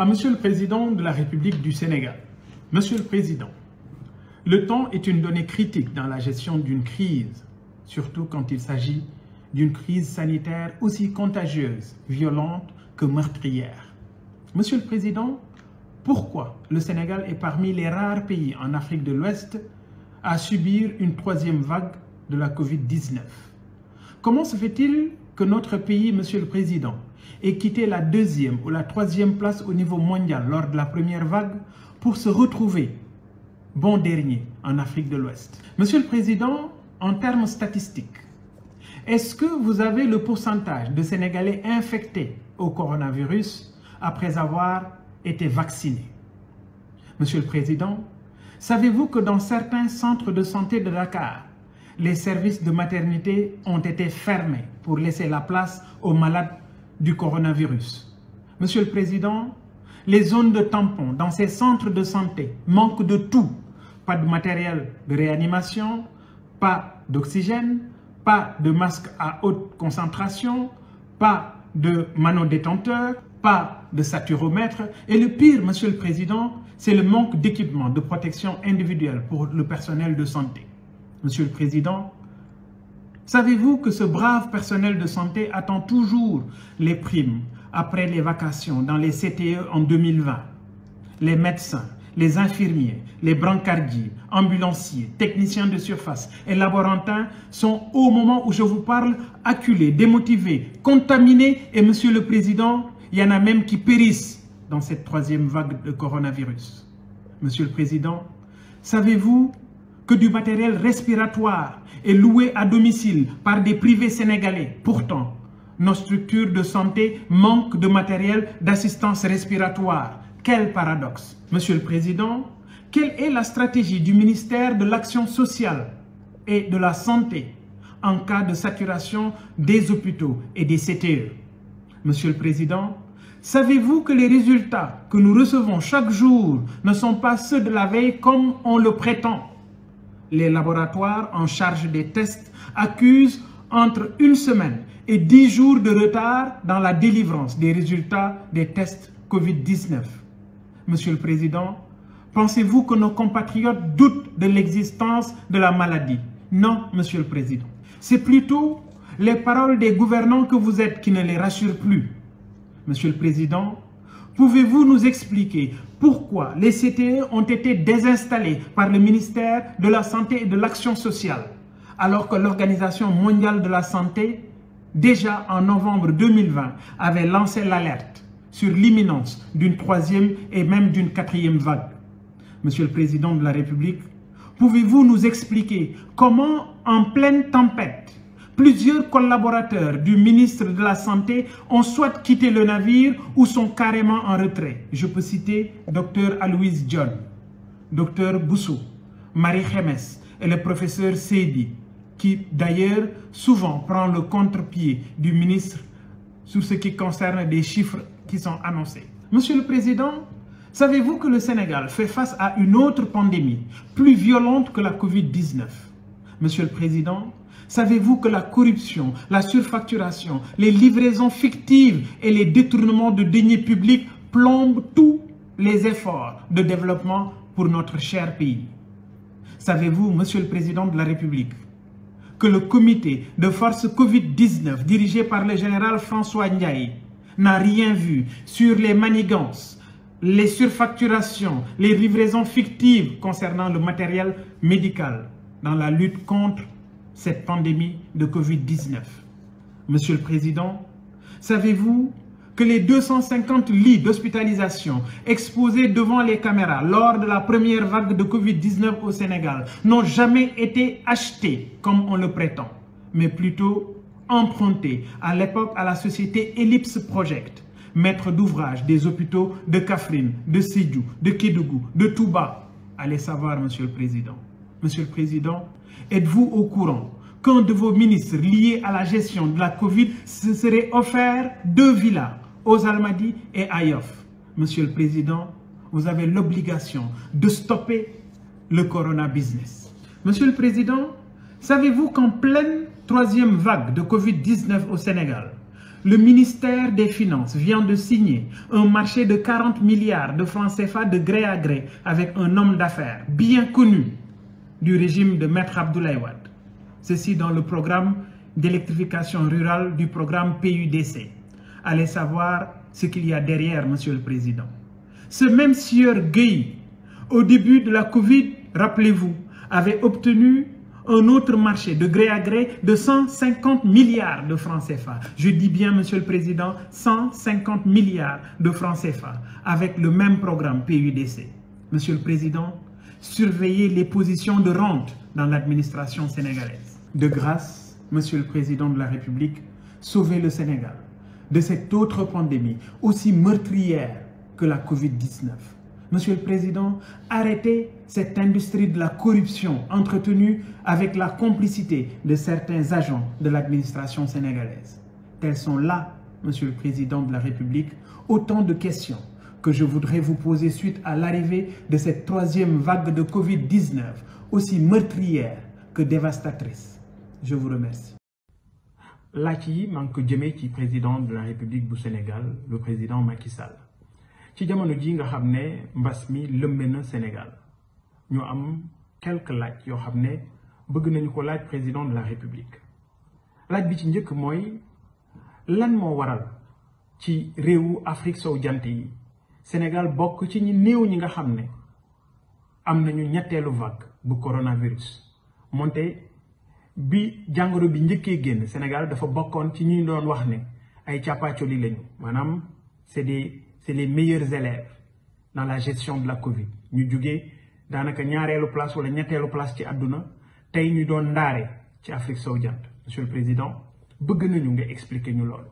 à Monsieur le Président de la République du Sénégal. Monsieur le Président, le temps est une donnée critique dans la gestion d'une crise, surtout quand il s'agit d'une crise sanitaire aussi contagieuse, violente que meurtrière. Monsieur le Président, pourquoi le Sénégal est parmi les rares pays en Afrique de l'Ouest à subir une troisième vague de la COVID-19 Comment se fait-il que notre pays, Monsieur le Président, et quitter la deuxième ou la troisième place au niveau mondial lors de la première vague pour se retrouver bon dernier en Afrique de l'Ouest. Monsieur le Président, en termes statistiques, est-ce que vous avez le pourcentage de Sénégalais infecté au coronavirus après avoir été vaccinés Monsieur le Président, savez-vous que dans certains centres de santé de Dakar, les services de maternité ont été fermés pour laisser la place aux malades du coronavirus. Monsieur le Président, les zones de tampons dans ces centres de santé manquent de tout. Pas de matériel de réanimation, pas d'oxygène, pas de masque à haute concentration, pas de manodétenteur, pas de saturomètre. Et le pire, Monsieur le Président, c'est le manque d'équipement de protection individuelle pour le personnel de santé. Monsieur le Président, Savez-vous que ce brave personnel de santé attend toujours les primes après les vacations dans les CTE en 2020 Les médecins, les infirmiers, les brancardiers, ambulanciers, techniciens de surface et laborantins sont au moment où je vous parle acculés, démotivés, contaminés et Monsieur le Président, il y en a même qui périssent dans cette troisième vague de coronavirus. Monsieur le Président, savez-vous que du matériel respiratoire est loué à domicile par des privés sénégalais. Pourtant, nos structures de santé manquent de matériel d'assistance respiratoire. Quel paradoxe Monsieur le Président, quelle est la stratégie du ministère de l'Action sociale et de la Santé en cas de saturation des hôpitaux et des CTE Monsieur le Président, savez-vous que les résultats que nous recevons chaque jour ne sont pas ceux de la veille comme on le prétend Les laboratoires en charge des tests accusent entre une semaine et dix jours de retard dans la délivrance des résultats des tests Covid-19. Monsieur le Président, pensez-vous que nos compatriotes doutent de l'existence de la maladie Non, Monsieur le Président. C'est plutôt les paroles des gouvernants que vous êtes qui ne les rassurent plus. Monsieur le Président, Pouvez-vous nous expliquer pourquoi les CTE ont été désinstallés par le ministère de la Santé et de l'Action sociale, alors que l'Organisation mondiale de la santé, déjà en novembre 2020, avait lancé l'alerte sur l'imminence d'une troisième et même d'une quatrième vague Monsieur le Président de la République, pouvez-vous nous expliquer comment, en pleine tempête, Plusieurs collaborateurs du ministre de la Santé ont soit quitté le navire ou sont carrément en retrait. Je peux citer Dr Aloïse John, Dr Boussou, Marie Khémès et le professeur Seydi, qui d'ailleurs souvent prend le contre-pied du ministre sur ce qui concerne des chiffres qui sont annoncés. Monsieur le Président, savez-vous que le Sénégal fait face à une autre pandémie plus violente que la Covid-19? Monsieur le Président, Savez-vous que la corruption, la surfacturation, les livraisons fictives et les détournements de deniers publics plombent tous les efforts de développement pour notre cher pays Savez-vous, Monsieur le Président de la République, que le comité de force Covid-19 dirigé par le général François Ndiaye n'a rien vu sur les manigances, les surfacturations, les livraisons fictives concernant le matériel médical dans la lutte contre cette pandémie de Covid-19. Monsieur le Président, savez-vous que les 250 lits d'hospitalisation exposés devant les caméras lors de la première vague de Covid-19 au Sénégal n'ont jamais été achetés comme on le prétend, mais plutôt empruntés à l'époque à la société Ellipse Project, maître d'ouvrage des hôpitaux de Kaffrine, de Sédhiou, de Kédougou, de tout Touba. Allez savoir, Monsieur le Président. Monsieur le Président, êtes-vous au courant qu'un de vos ministres lié à la gestion de la Covid se serait offert deux villas aux Almadies et à Yoff? Monsieur le Président, vous avez l'obligation de stopper le corona business. Monsieur le Président, savez-vous qu'en pleine troisième vague de Covid-19 au Sénégal, le ministère des Finances vient de signer un marché de 40 milliards de francs CFA de gré à gré avec un homme d'affaires bien connu du régime de Maître Abdoulaye Wade. Ceci dans le programme d'électrification rurale du programme PUDC. Allez savoir ce qu'il y a derrière, Monsieur le Président. Ce même sieur Gueye, au début de la Covid, rappelez-vous, avait obtenu un autre marché de gré à gré de 150 milliards de francs CFA. Je dis bien, Monsieur le Président, 150 milliards de francs CFA avec le même programme PUDC. Monsieur le Président, surveiller les positions de rente dans l'administration sénégalaise. De grâce, Monsieur le Président de la République, sauvez le Sénégal de cette autre pandémie aussi meurtrière que la COVID-19. Monsieur le Président, arrêtez cette industrie de la corruption entretenue avec la complicité de certains agents de l'administration sénégalaise. Telles sont là, Monsieur le Président de la République, autant de questions que je voudrais vous poser suite à l'arrivée de cette troisième vague de Covid-19, aussi meurtrière que dévastatrice. Je vous remercie. laaj yi maa ngi ko jëmee ci président de la république bu Sénégal le président Macky Sall ci jamono ji nga xam ne mbas mi lëmbe na Sénégal ñu am quelques laaj yoo xam ne bëgg nañu ko laaj président de la république laaj bi ci njëkk mooy lan moo waral ci réewu Afrique sowu jant yi Sénégal bokk ci ñi néew ñi nga xam ne am nañu ñetteelu vague bu coronavirus moonte bi jàngoro bi njëkkee génn Sénégal dafa bokkoon ci ñi doon wax ne ay càppaacoli lañu maanaam c'est des c'est les meilleurs élèves dans la gestion de la Covid ñu jugee daanaka ñaareelu place wala ñetteelu place ci àdduna tey ñu doon ndaare ci Afrique sowu jant monsieur le président bëgg nañu nga expliquer ñu loolu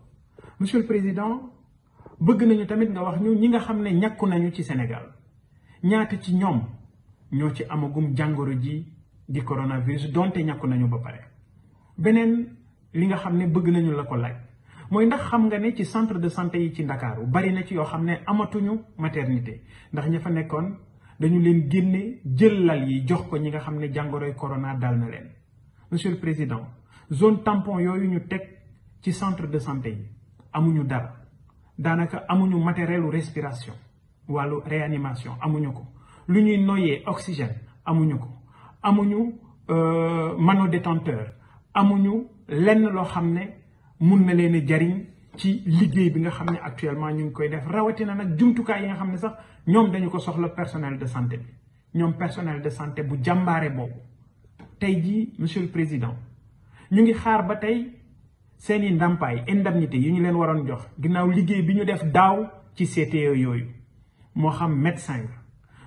monsieur le président bëgg nañu tamit nga wax ñu ñi nga xam ne ñàkku nañu ci Sénégal ñaata ci ñoom ñoo ci amagum jàngoro ji di coronavirus donte ñàkku nañu ba pare beneen li nga xam ne bëgg nañu la ko laaj mooy ndax xam nga ne ci centre de santé yi ci Ndakaaru bari na ci yoo xam ne amatuñu maternité ndax ña fa nekkoon dañu leen génne jël lal yi jox ko ñi nga xam ne jàngoroy corona dal na leen monsieur président zone tampon yooyu ñu teg ci centre de santé yi amuñu dara daanaka amuñu matérielu respiration wàllu réanimation amuñu ko lu ñuy noyyee oxygène amuñu ko amuñu euh, manodétenteur amuñu lenn loo xam ne mun na leen jariñ ci liggéey bi nga xam ne actuellement ñu ngi koy def rawatina nag jumtukaay yi nga xam ne sax ñoom dañu ko soxla personnel de santé bi ñoom personnel de santé bu jàmbaare boobu tey jii monsieur le président ñu ngi xaar ba tey seen i ndàmpaay indemnité yi ñu leen waroon jox ginnaaw liggéey bi ñu def daaw ci CTE yooyu moo xam médecin nga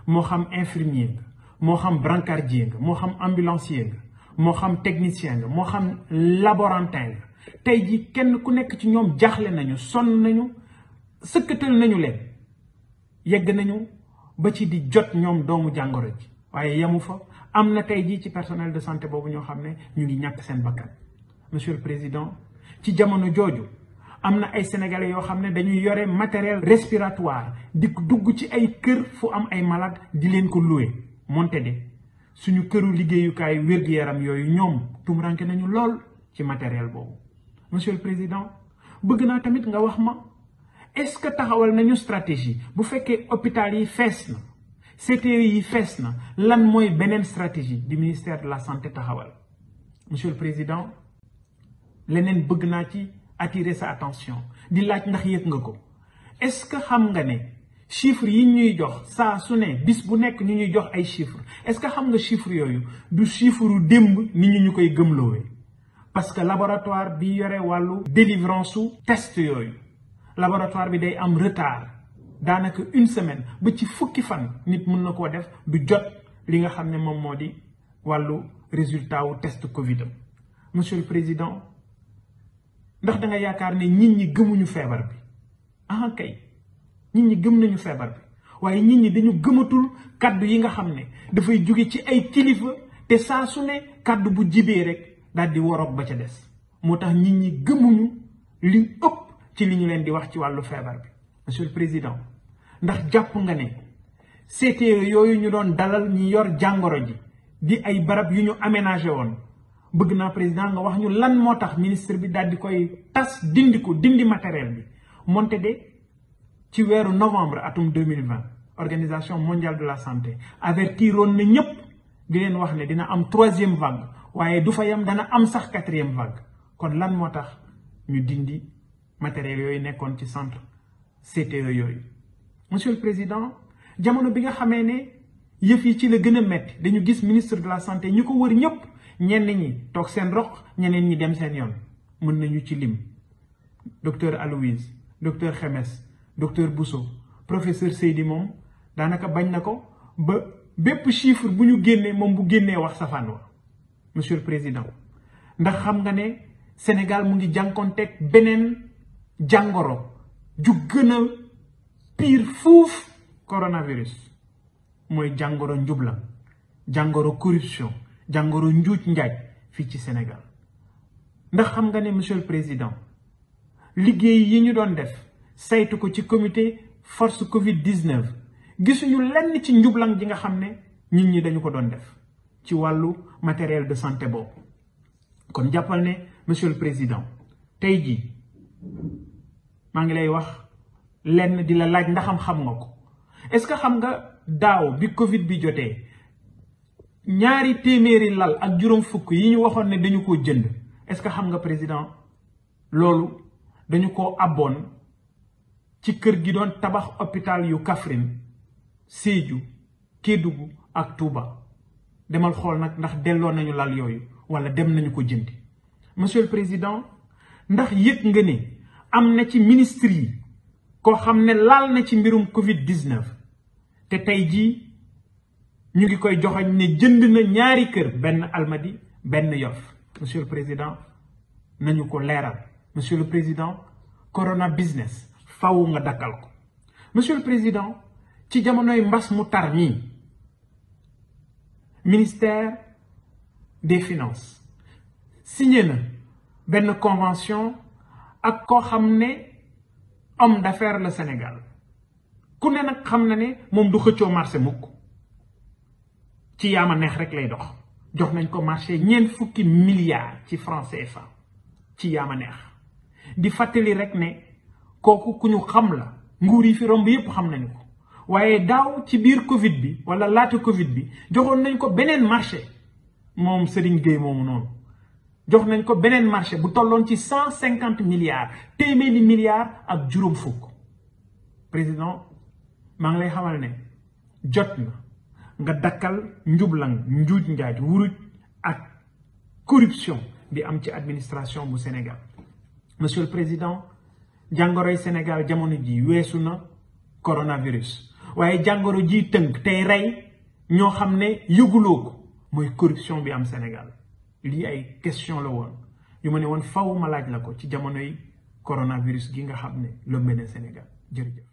moo xam infirmier nga moo xam brancardier nga moo xam ambulancier nga moo xam technicien nga moo xam laborantin nga tey ji kenn ku nekk ci ñoom jaxle nañu sonn nañu sëkkatal nañu leen yegg nañu ba ci di jot ñoom doomu jàngoro ji waaye yemu fa am na tey jii ci personnel de santé boobu ñoo xam ne ñu ngi ñàkk seen bakkan monsieur le président ci jamono jooju am na ay sénégalais yoo xam ne dañuy yore matériel respiratoire di dugg ci ay kër fu am ay malade di leen ko loué moonte de suñu këru liggéeyukaay wér-gu-yaram yooyu ñoom tumuranke nañu lool ci matériel boobu monsieur président bëgg naa tamit nga wax ma est-ce que taxawal nañu stratégie bu fekkee hôpital yi fees na CTE yi fees na lan mooy beneen stratégie du ministère de la santé taxawal monsieur le président leneen bëgg naa ci attirer sa attention di laaj ndax yëg nga ko est-ce que xam nga ne chiffres yi ñuy jox saa su ne bis bu nekk ñu ñuy jox ay chiffres est-ce que xam nga chiffres yooyu du chiffre yu démb nit ñu ñu koy gëmloowee parce que laboratoire bi yore wàllu délivrance su test yooyu laboratoire bi day am retard daanaka une semaine ba ci fukki fan nit mun na koo def du jot li nga xam ne moom moo di wàllu résultat wu test Covid monsieur le président ndax da yaakaar ne nit ñi gëmuñu feebar bi ah kay nit ñi gëm nañu feebar bi waaye nit ñi dañu gëmatul kàddu yi nga xam ne dafay jóge ci ay kilifa te saa su ne kàddu bu jibee rek daal di woroog ba ca des moo tax nit ñi gëmuñu li ëpp ci li ñu leen di wax ci wàllu feebar bi monsieur président ndax jàpp nga ne CTE yooyu ñu doon dalal ñi yor jàngoro ji di ay barab yu ñu aménagé woon bëgg naa président nga wax ñu lan moo tax ministre bi daal di koy tas dindi ko dindi matériel bi moonte de ci weeru novembre atum 2020 organisation mondiale de la santé avertiroon na ñëpp di leen wax ne dina am troisième vague waaye du fa yam dana am sax quatrième vague kon lan moo tax ñu dindi matériel yooyu nekkoon ci centre CTE yooyu monsieur président jamono bi nga xamee ne. yëf yi ci la gën a métti dañu gis ministre de la santé ñu ko war ñëpp ñenn ñi toog seen roq ñeneen ñi dem seen yoon mën nañu ci lim docteur Aloïse docteur Xemes docteur Bousso professeur Seydi moom daanaka bañ na ko ba bépp chiffre bu ñu génnee moom bu génnee wax safaan wa monsieur le président ndax xam nga ne Sénégal mu ngi jànkoon teg beneen jàngoro ju gën a pire fuuf coronavirus. mooy jàngoro njublan jàngoro corruption jàngoro njuuj njaaj fii ci Sénégal ndax xam nga ne monsieur le président liggéey yi ñu doon def saytu ko ci commité force Covid 19 gisuñu lenn ci njublan ji nga xam ne nit ñi dañu ko doon def ci wàllu matériel de santé boobu kon jàppal ne monsieur le président tey jii maa ngi lay wax lenn di la laaj ndaxam xam nga ko est-ce que xam nga. daaw bi Covid bi jotee ñaari téeméeri lal ak juróom fukk yi ñu waxoon ne dañu ko jënd est-ce que xam nga président loolu dañu ko abboon ci kër gi doon tabax hôpital yu Kaffrine Sédhiou Kédougou ak Touba demal xool nag ndax delloo nañu lal yooyu wala dem nañu ko jëndi monsieur président ndax yëg nga ni am na ci ministre yi koo xam ne laal na ci mbirum Covid 19. te tey jii ñu ngi koy joxañ ne jënd na ñaari kër benn almadi benn yof monsieur le président nañu ko leeral monsieur le président corona business faw nga dakkal ko monsieur le président ci jamonoy mbas mu tar ñii ministère des finances signé na benn convention ak koo xam ne homme d'affaires la Sénégal ku ne nag xam na ne moom du xëccoo marché mukk ci yaama neex rek lay dox jox nañ ko marché ñeent fukki milliards ci franc fa ci yaama di fàttali rek ne kooku ku ñu xam la nguur yi fi romb yépp xam nañ ko waaye daaw ci biir Covid bi wala laata Covid bi joxoon nañ ko beneen marché moom Serigne Gueye moomu noonu jox nañ ko beneen marché bu tolloon ci cent cinquante milliards téeméeri milliards ak juróom fukk président. maa ngi lay xamal ne jot na nga dakkal njublang njuuj njaaj wuruj ak corruption bi am ci administration bu Sénégal monsieur le président jàngoroy Sénégal jamono ji weesu na coronavirus waaye jàngoro ji tënk tey rey ñoo xam ne yëguloo ko mooy corruption bi am Sénégal lii ay question la woon yu ma ne woon fawuma laaj la ko ci jamonoy coronavirus gi nga xam ne lëmbe Sénégal jërëjëf